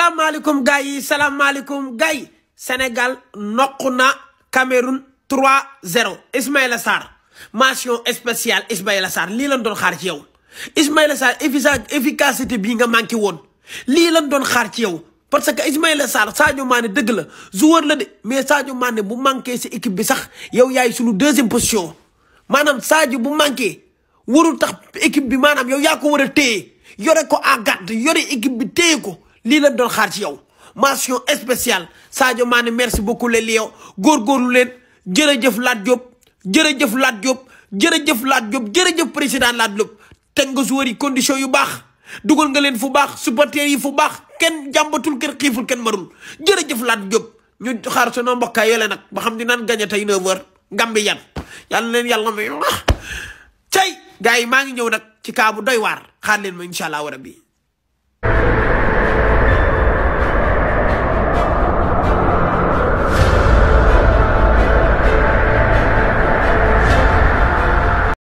salaamaaleykum gars yi salaamaaleykum gars yi Sénégal noq na Cameroun 3-0 Ismaïla Sarr mention spéciale Ismaïla Sarr lii lan doon xaar ci yow Ismaïla Sarr efficacité bii nga manqué woon lii lan doon xaar ci yow parce que Ismaïla Sarr Sadio Mané dëgg la joueur la de mais Sadio Mané bu manqué si équipe bi sax yow yaay sunu deuxième position maanaam Sadio bu manqué warul tax équipe bi maanaam yow yaa ko war a téye yore ko à garde yore équipe bi téye ko lii lañ doon xaar ci yow mention espécial Sadio Mané merci beaucoup les Lions góorgóorlu leen jërëjëf Lat Diop jërëjëf Lat Diop jërëjëf Lat jërëjëf président laat Diop teg nga joueurs yi condition yu baax dugal nga leen fu baax supporters yi fu baax kenn jàmbatul kenn xiiful kenn marul jërëjëf Lat Diop ñu xaar sunu mbokkaay yeleen nag ba xam di naan gañe tey 9h Gambie yan yàlla leen yàlla may cay gars yi maa ngi ñëw nag ci kaabu bu doy waar xaar leen ma incha allah rabbi